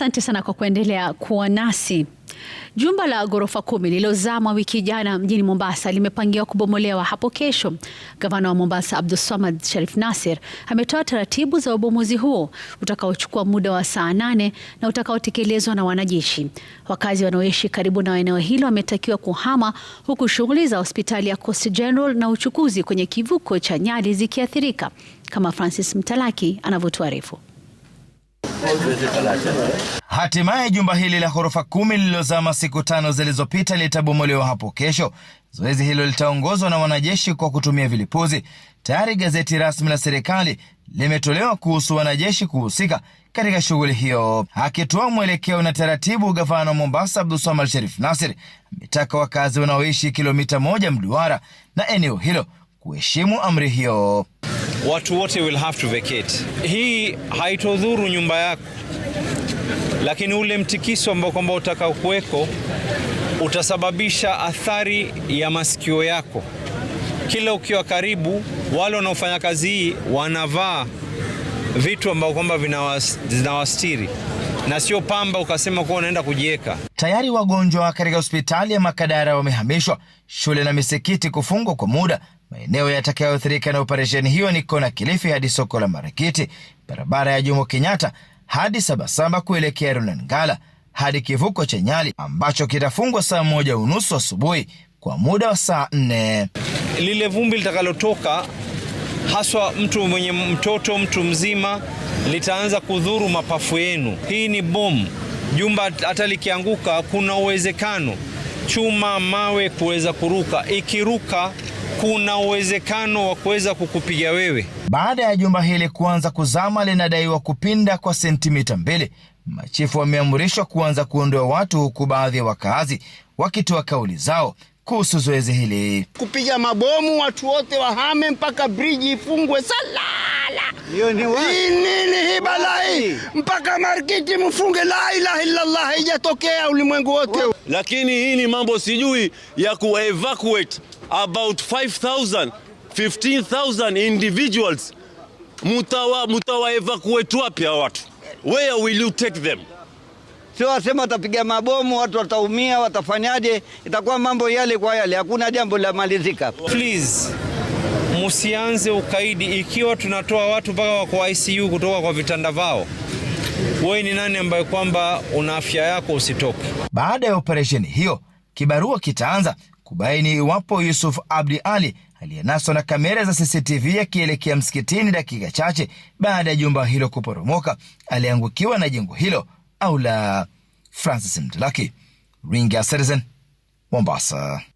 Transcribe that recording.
Asante sana kwa kuendelea kuwa nasi. Jumba la ghorofa kumi lililozama wiki jana mjini Mombasa limepangiwa kubomolewa hapo kesho. Gavana wa Mombasa Abdulswamad Sharif nasir ametoa taratibu za ubomozi huo utakaochukua muda wa saa nane na utakaotekelezwa na wanajeshi. Wakazi wanaoishi karibu na eneo hilo wametakiwa kuhama, huku shughuli za hospitali ya Coast General na uchukuzi kwenye kivuko cha Nyali zikiathirika, kama Francis Mtalaki anavyotuarifu. Hatimaye jumba hili la ghorofa kumi lililozama siku tano zilizopita litabomolewa hapo kesho. Zoezi hilo litaongozwa na wanajeshi kwa kutumia vilipuzi. Tayari gazeti rasmi la serikali limetolewa kuhusu wanajeshi kuhusika katika shughuli hiyo. Akitoa mwelekeo na taratibu, gavana wa Mombasa Abdusamad Sharif Nasir ametaka wakazi wanaoishi kilomita moja mduara na eneo hilo kuheshimu amri hiyo watu wote will have to vacate. Hii haitodhuru nyumba yako, lakini ule mtikiso ambao kwamba kuweko utasababisha athari ya masikio yako. Kila ukiwa karibu, wale wanaofanya kazi hii wanavaa vitu ambao kwamba vinawastiri na sio pamba ukasema kuwa unaenda kujiweka. Tayari wagonjwa katika hospitali ya Makadara wamehamishwa, shule na misikiti kufungwa kwa muda. Maeneo yatakayoathirika na operesheni hiyo ni Kona Kilifi hadi soko la Marikiti, barabara ya Jomo Kenyatta hadi Sabasaba kuelekea Runangala hadi kivuko cha Nyali ambacho kitafungwa saa moja unusu asubuhi kwa muda wa saa nne. Lile vumbi litakalotoka haswa, mtu mwenye mtoto, mtu mzima litaanza kudhuru mapafu yenu. Hii ni bomu. Jumba hata likianguka, kuna uwezekano chuma, mawe kuweza kuruka. Ikiruka kuna uwezekano wa kuweza kukupiga wewe. Baada ya jumba hili kuanza kuzama, linadaiwa kupinda kwa sentimita mbili, machifu wameamrishwa kuanza kuondoa watu, huku baadhi ya wakaazi wakitoa kauli zao kuhusu zoezi hili. Kupiga mabomu, watu wote wahame mpaka briji ifungwe sala balaa hii? Nini hii balaa hii? Mpaka markiti mfunge, la ilaha Allah haijatokea ulimwengu wote. Lakini hii ni mambo sijui ya ku evacuate about 5000 15000 individuals. Mutawa mutawa evacuate wapi hao watu? Where will you take them? Sio wasema watapiga mabomu, watu wataumia, watafanyaje? Itakuwa mambo yale kwa yale, hakuna jambo la malizika. Please msianze ukaidi. Ikiwa tunatoa watu mpaka wako ICU kutoka kwa vitanda vao, wewe ni nani ambaye kwamba una afya yako usitoke? Baada ya operesheni hiyo, kibarua kitaanza kubaini iwapo Yusuf Abdi Ali aliyenaswa na kamera za CCTV akielekea msikitini dakika chache baada ya jumba hilo kuporomoka aliangukiwa na jengo hilo au la. Francis Mtalaki, Ringa Citizen, Mombasa.